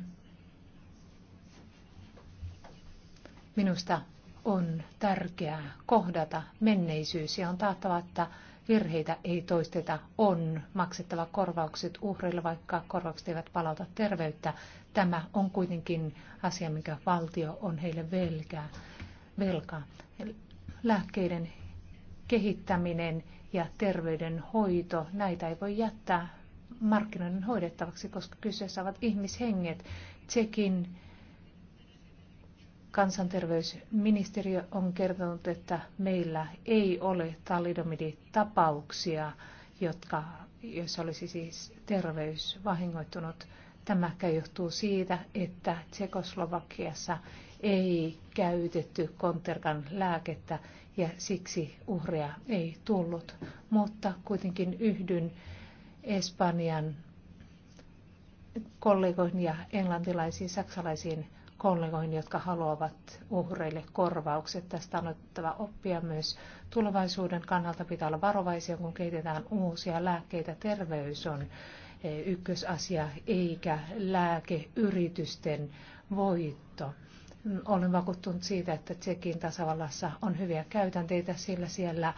minusta on tärkeää kohdata menneisyys ja on taattava että virheitä ei toisteta, on maksettava korvaukset uhreille, vaikka korvaukset eivät palauta terveyttä. Tämä on kuitenkin asia, mikä valtio on heille velkää. velkaa lääkkeiden kehittäminen ja terveydenhoito, näitä ei voi jättää markkinoiden hoidettavaksi, koska kyseessä ovat ihmishenget. Tsekin kansanterveysministeriö on kertonut, että meillä ei ole talidomiditapauksia, jotka, jos olisi siis terveys vahingoittunut. Tämä johtuu siitä, että Tsekoslovakiassa ei käytetty konterkan lääkettä ja siksi uhreja ei tullut. Mutta kuitenkin yhdyn Espanjan kollegoihin ja englantilaisiin, saksalaisiin kollegoihin, jotka haluavat uhreille korvaukset. Tästä on otettava oppia myös tulevaisuuden kannalta. Pitää olla varovaisia, kun kehitetään uusia lääkkeitä. Terveys on eh, ykkösasia, eikä lääkeyritysten voitto. Olen vakuuttunut siitä, että Tsekin tasavallassa on hyviä käytänteitä, sillä siellä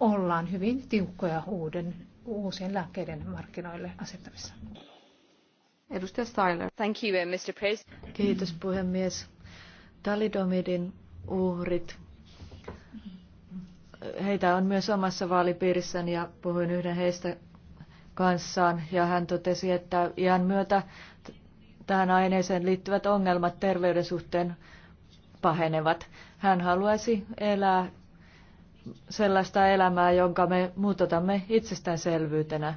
ollaan hyvin tiukkoja uuden, uusien lääkkeiden markkinoille asettamissa. Edustaja Styler. Thank you, uh, Mr. President. Kiitos puhemies. Talidomidin uhrit. Heitä on myös omassa vaalipiirissäni ja puhuin yhden heistä kanssaan ja hän totesi, että iän myötä tähän aineeseen liittyvät ongelmat terveyden suhteen pahenevat. Hän haluaisi elää sellaista elämää, jonka me muut otamme itsestäänselvyytenä.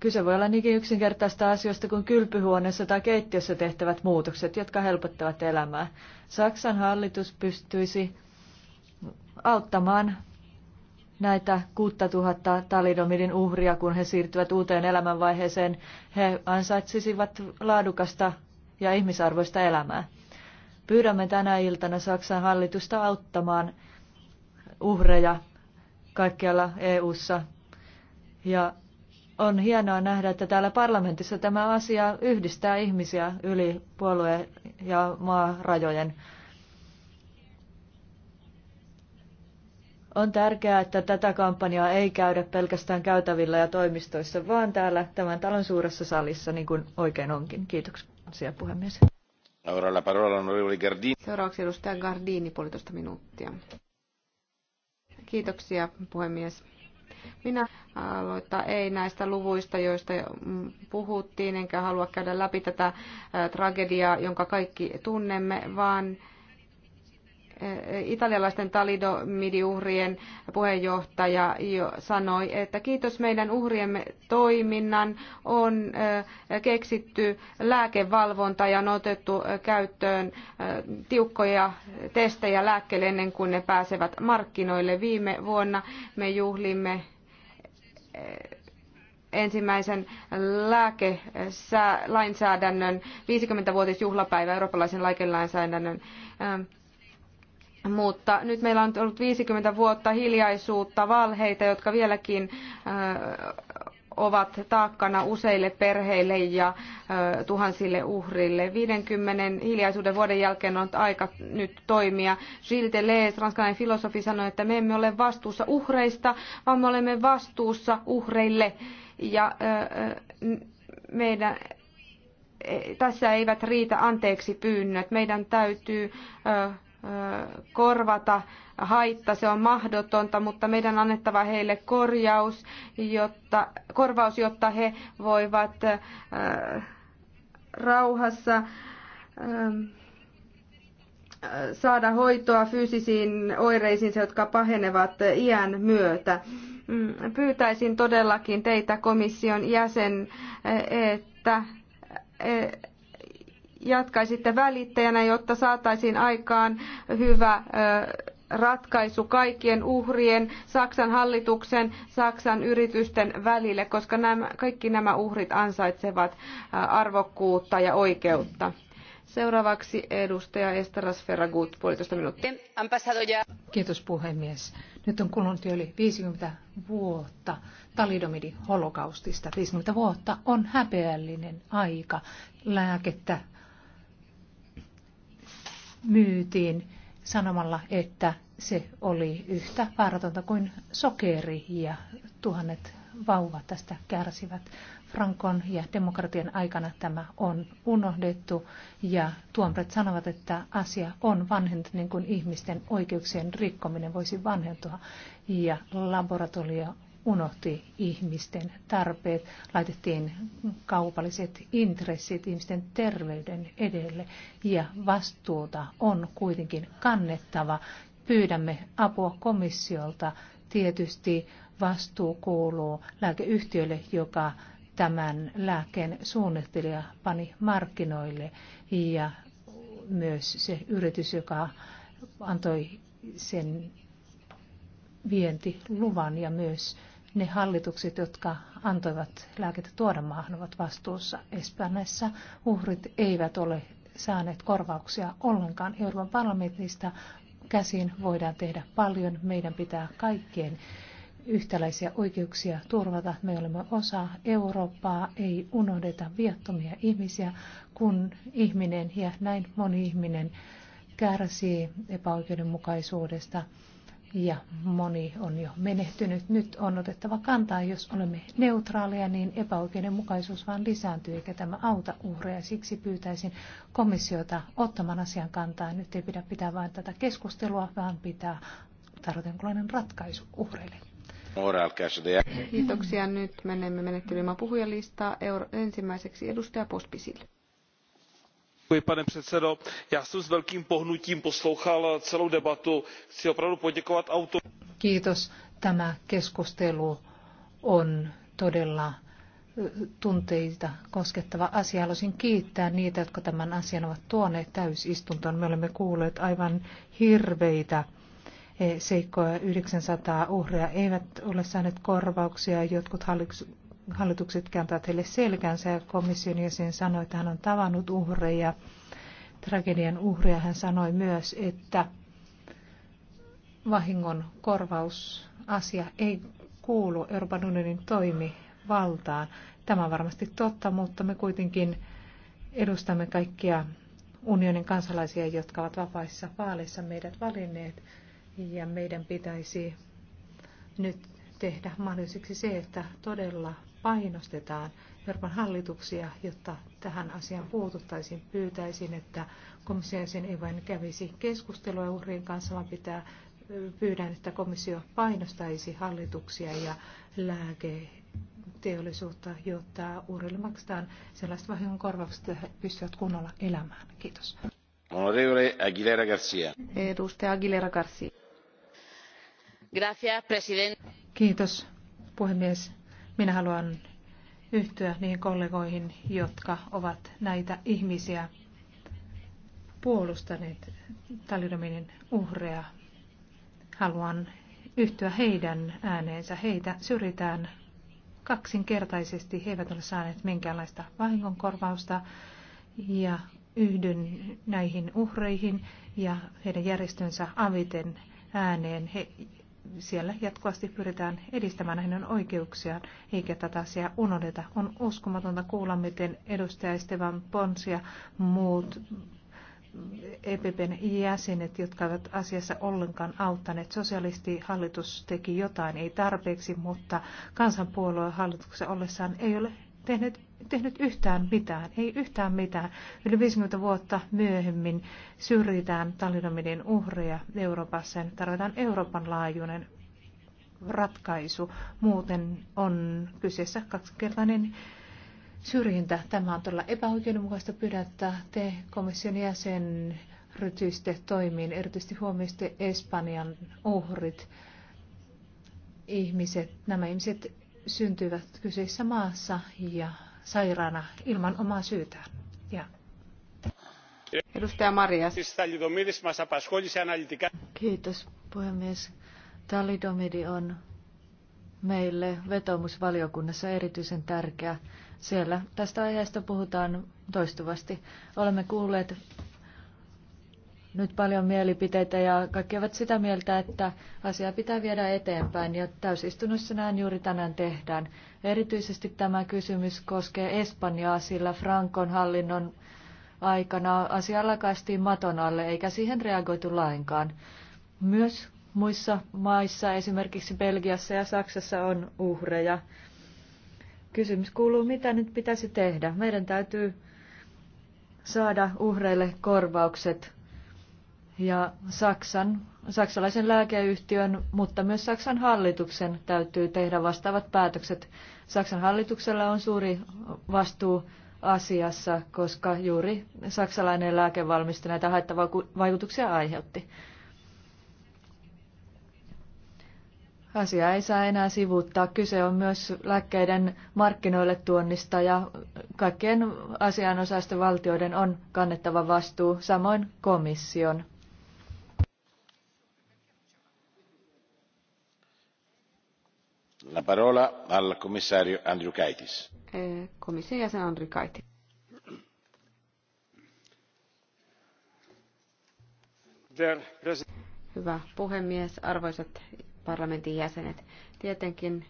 Kyse voi olla niinkin yksinkertaista asioista kuin kylpyhuoneessa tai keittiössä tehtävät muutokset, jotka helpottavat elämää. Saksan hallitus pystyisi auttamaan näitä 6000 talidomidin uhria, kun he siirtyvät uuteen elämänvaiheeseen, he ansaitsisivat laadukasta ja ihmisarvoista elämää. Pyydämme tänä iltana Saksan hallitusta auttamaan uhreja kaikkialla EU:ssa. Ja on hienoa nähdä, että täällä parlamentissa tämä asia yhdistää ihmisiä yli puolue- ja maarajojen. On tärkeää, että tätä kampanjaa ei käydä pelkästään käytävillä ja toimistoissa, vaan täällä tämän talon suuressa salissa, niin kuin oikein onkin. Kiitoksia puhemies. la parola Gardini. Seuraavaksi edustaja Gardini puolitoista minuuttia. Kiitoksia puhemies. Minä aloittaa ei näistä luvuista, joista puhuttiin, enkä halua käydä läpi tätä tragediaa, jonka kaikki tunnemme, vaan italialaisten talidomidiuhrien puheenjohtaja jo sanoi, että kiitos meidän uhriemme toiminnan on eh, keksitty lääkevalvonta ja on otettu käyttöön eh, tiukkoja testejä lääkkeelle ennen kuin ne pääsevät markkinoille. Viime vuonna me juhlimme eh, ensimmäisen lääkelainsäädännön 50-vuotisjuhlapäivä, eurooppalaisen lääkelainsäädännön mutta nyt meillä on ollut 50 vuotta hiljaisuutta, valheita, jotka vieläkin ovat taakkana useille perheille ja tuhansille uhrille. 50 hiljaisuuden vuoden jälkeen on aika nyt toimia. Gilles Deleuze, ranskalainen filosofi, sanoi, että me emme ole vastuussa uhreista, vaan me olemme vastuussa uhreille. Ja meidän e, tässä eivät riitä anteeksi pyynnöt. Meidän täytyy korvata haitta, se on mahdotonta, mutta meidän annettava heille korjaus, jotta, korvaus, jotta he voivat rauhassa saada hoitoa fyysisiin oireisiin, jotka pahenevat iän myötä. Pyytäisin todellakin teitä komission jäsen, että jatkaisitte välittäjänä, jotta saataisiin aikaan hyvä ratkaisu kaikkien uhrien, Saksan hallituksen, Saksan yritysten välille, koska nämä, kaikki nämä uhrit ansaitsevat arvokkuutta ja oikeutta. Seuraavaksi edustaja Estaras Ferragut, puolitoista minuuttia. Kiitos puhemies. Nyt on kulunut jo yli 50 vuotta talidomidi holokaustista. 50 vuotta on häpeällinen aika. Lääkettä myytiin sanomalla, että se oli yhtä vaaratonta kuin sokeri ja tuhannet vauvat tästä kärsivät. Frankon ja demokratian aikana tämä on unohdettu ja tuomarit sanovat, että asia on vanhentunut niin kuin ihmisten oikeuksien rikkominen voisi vanhentua ja laboratorio unohti ihmisten tarpeet, laitettiin kaupalliset intressit ihmisten terveyden edelle ja vastuuta on kuitenkin kannettava. Pyydämme apua komissiolta. Tietysti vastuu kuuluu lääkeyhtiölle, joka tämän lääkkeen suunnittelija pani markkinoille ja myös se yritys, joka antoi sen vientiluvan ja myös ne hallitukset, jotka antoivat lääkettä tuoda maahan, ovat vastuussa. Espanjassa uhrit eivät ole saaneet korvauksia ollenkaan. Euroopan parlamentista käsin voidaan tehdä paljon. Meidän pitää kaikkien yhtäläisiä oikeuksia turvata. Me olemme osa Eurooppaa, ei unohdeta viattomia ihmisiä, kun ihminen ja näin moni ihminen kärsii epäoikeudenmukaisuudesta ja moni on jo menehtynyt. Nyt on otettava kantaa, jos olemme neutraaleja, niin epäoikeudenmukaisuus vaan lisääntyy, eikä tämä auta uhreja. Siksi pyytäisin komissiota ottamaan asian kantaa. Nyt ei pidä pitää vain tätä keskustelua, vaan pitää tarjotenkunlainen ratkaisu uhreille. Kiitoksia. Nyt menemme menettelymään puhujalistaa. Euro- ensimmäiseksi edustaja Pospisille pane předsedající já jsem s velkým pohnutím poslouchal celou debatu. chci opravdu poděkovat autorům. Tämä keskustelu on todella eh, tunteita koskettava asia. Haluaisin kiittää niitä, jotka tämän asian ovat tuoneet täysistuntoon. Me olemme kuulleet aivan hirveitä eh, seikkoja. 900 uhria eivät ole saaneet korvauksia. Jotkut hallitus hallitukset kääntävät heille selkänsä ja komission jäsen sanoi, että hän on tavannut uhreja, tragedian uhreja. Hän sanoi myös, että vahingon korvausasia ei kuulu Euroopan unionin toimivaltaan. Tämä on varmasti totta, mutta me kuitenkin edustamme kaikkia unionin kansalaisia, jotka ovat vapaissa vaaleissa meidät valinneet. Ja meidän pitäisi nyt tehdä mahdolliseksi se, että todella painostetaan Euroopan hallituksia, jotta tähän asiaan puututtaisiin. Pyytäisin, että komission sen ei vain kävisi keskustelua uhrien kanssa, vaan pitää pyydän, että komissio painostaisi hallituksia ja lääketeollisuutta, jotta uhrille maksetaan sellaiset korvaukset, että he pystyvät kunnolla elämään. Kiitos. Onorevole Aguilera Garcia. Edustaja Aguilera Garcia. Gracias, president. Kiitos, puhemies. Minä haluan yhtyä niihin kollegoihin, jotka ovat näitä ihmisiä puolustaneet talidominin uhreja. Haluan yhtyä heidän ääneensä. Heitä syrjitään kaksinkertaisesti. He eivät ole saaneet minkäänlaista vahingonkorvausta. Ja yhdyn näihin uhreihin ja heidän järjestönsä Aviten ääneen. He siellä jatkuvasti pyritään edistämään hänen oikeuksiaan, eikä tätä asiaa unohdeta. On uskomatonta kuulla, miten edustaja Esteban Pons ja muut EPPn jäsenet, jotka eivät asiassa ollenkaan auttaneet. Sosialistihallitus teki jotain, ei tarpeeksi, mutta kansanpuolueen hallituksen ollessaan ei ole tehnyt tehnyt yhtään mitään, ei yhtään mitään. Yli 50 vuotta myöhemmin syrjitään talidomidin uhreja Euroopassa ja tarvitaan Euroopan laajuinen ratkaisu. Muuten on kyseessä kaksinkertainen syrjintä. Tämä on todella epäoikeudenmukaista pyydättä. Te komission jäsen rytyiste toimiin, erityisesti huomioiste Espanjan uhrit, ihmiset, nämä ihmiset syntyvät kyseisessä maassa ja sairaana ilman omaa syytään. Ja. Edustaja Marias. Kiitos puhemies. Talidomidi on meille vetomusvaliokunnassa erityisen tärkeä. Siellä tästä aiheesta puhutaan toistuvasti. Olemme kuulleet nyt paljon mielipiteitä ja kaikki ovat sitä mieltä, että asiaa pitää viedä eteenpäin ja täysistunnossa näin juuri tänään tehdään. Erityisesti tämä kysymys koskee Espanjaa, sillä Frankon hallinnon aikana asia lakaistiin maton alle eikä siihen reagoitu lainkaan. Myös muissa maissa, esimerkiksi Belgiassa ja Saksassa, on uhreja. Kysymys kuuluu, mitä nyt pitäisi tehdä? Meidän täytyy saada uhreille korvaukset ja Saksan, saksalaisen lääkeyhtiön, mutta myös Saksan hallituksen täytyy tehdä vastaavat päätökset. Saksan hallituksella on suuri vastuu asiassa, koska juuri saksalainen lääkevalmiste näitä haittavaikutuksia aiheutti. Asia ei saa enää sivuuttaa. Kyse on myös lääkkeiden markkinoille tuonnista ja kaikkien asianosaisten valtioiden on kannettava vastuu, samoin komission. La parola al commissario Andriukaitis. Komission eh, jäsen Andriukaitis. Hyvä puhemies, arvoisat parlamentin jäsenet. Tietenkin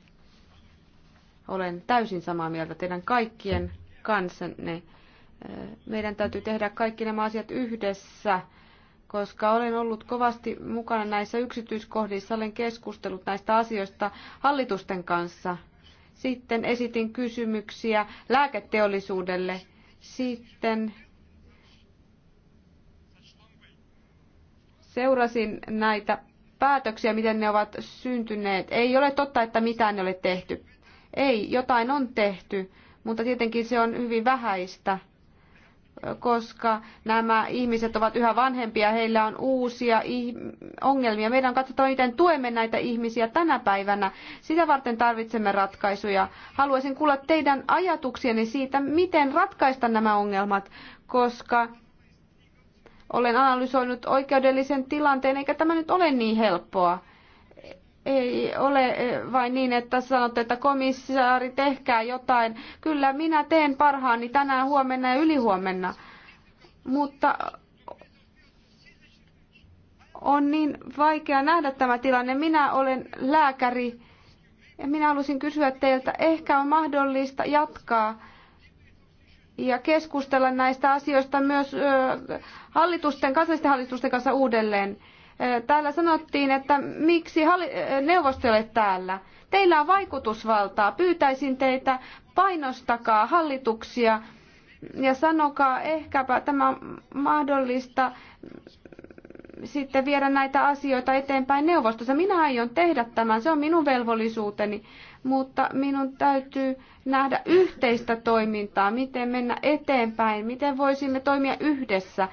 olen täysin samaa mieltä teidän kaikkien kanssanne. Eh, meidän täytyy tehdä kaikki nämä asiat yhdessä koska olen ollut kovasti mukana näissä yksityiskohdissa, olen keskustellut näistä asioista hallitusten kanssa. Sitten esitin kysymyksiä lääketeollisuudelle. Sitten seurasin näitä päätöksiä, miten ne ovat syntyneet. Ei ole totta, että mitään ei ole tehty. Ei, jotain on tehty, mutta tietenkin se on hyvin vähäistä koska nämä ihmiset ovat yhä vanhempia, heillä on uusia ongelmia. Meidän on katsottava, miten tuemme näitä ihmisiä tänä päivänä. Sitä varten tarvitsemme ratkaisuja. Haluaisin kuulla teidän ajatuksienne siitä, miten ratkaista nämä ongelmat, koska olen analysoinut oikeudellisen tilanteen, eikä tämä nyt ole niin helppoa ei ole eh, vain niin, että sanotte, että komissaari, tehkää jotain. Kyllä minä teen parhaani tänään, huomenna ja ylihuomenna. Mutta on niin vaikea nähdä tämä tilanne. Minä olen lääkäri ja minä halusin kysyä teiltä, ehkä on mahdollista jatkaa ja keskustella näistä asioista myös hallitusten, kansallisten hallitusten kanssa uudelleen Täällä sanottiin, että miksi neuvosto ei ole täällä. Teillä on vaikutusvaltaa. Pyytäisin teitä, painostakaa hallituksia ja sanokaa, ehkäpä tämä on mahdollista sitten viedä näitä asioita eteenpäin neuvostossa. Minä aion tehdä tämän, se on minun velvollisuuteni, mutta minun täytyy nähdä yhteistä toimintaa, miten mennä eteenpäin, miten voisimme toimia yhdessä.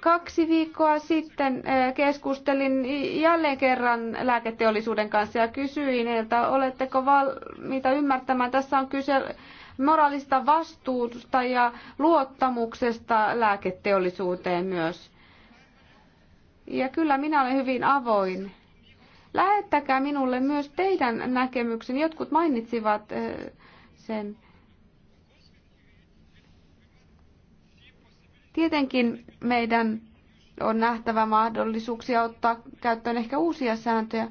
Kaksi viikkoa sitten eh, keskustelin jälleen kerran lääketeollisuuden kanssa ja kysyin, että oletteko valmiita ymmärtämään, tässä on kyse moraalista vastuusta ja luottamuksesta lääketeollisuuteen myös. Ja kyllä minä olen hyvin avoin. Lähettäkää minulle myös teidän näkemyksen. Jotkut mainitsivat eh, sen Tietenkin meidän on nähtävä mahdollisuuksia ottaa käyttöön ehkä uusia sääntöjä,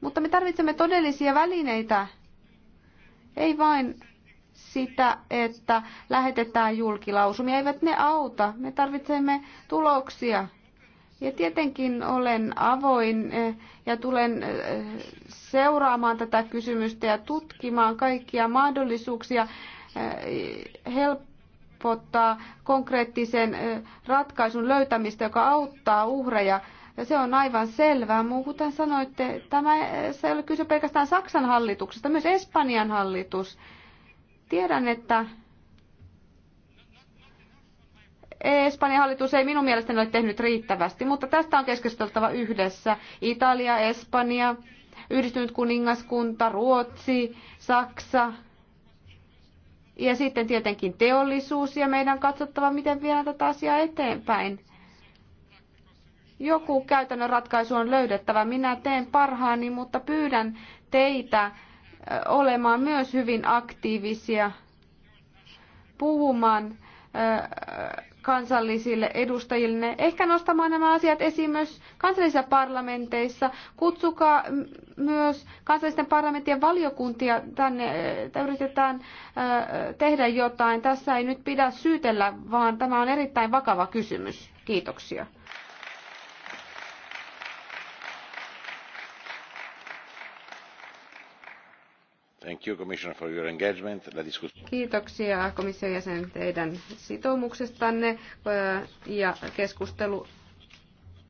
mutta me tarvitsemme todellisia välineitä, ei vain sitä, että lähetetään julkilausumia. Eivät ne auta. Me tarvitsemme tuloksia. Ja tietenkin olen avoin eh, ja tulen eh, seuraamaan tätä kysymystä ja tutkimaan kaikkia mahdollisuuksia eh, helpottaa konkreettisen ratkaisun löytämistä, joka auttaa uhreja. Ja se on aivan selvää. Muu kuten sanoitte, tämä, se ei ole kyse pelkästään Saksan hallituksesta, myös Espanjan hallitus. Tiedän, että Espanjan hallitus ei minun mielestäni ole tehnyt riittävästi, mutta tästä on keskusteltava yhdessä. Italia, Espanja, Yhdistynyt kuningaskunta, Ruotsi, Saksa, ja sitten tietenkin teollisuus ja meidän katsottava, miten viedään tätä asiaa eteenpäin. Joku käytännön ratkaisu on löydettävä. Minä teen parhaani, mutta pyydän teitä olemaan myös hyvin aktiivisia, puhumaan kansallisille edustajille, ehkä nostamaan nämä asiat esiin myös kansallisissa parlamenteissa. Kutsukaa myös kansallisten parlamenttien valiokuntia tänne, että yritetään tehdä jotain. Tässä ei nyt pidä syytellä, vaan tämä on erittäin vakava kysymys. Kiitoksia. Kiitoksia komission jäsen teidän sitoumuksestanne ja keskustelu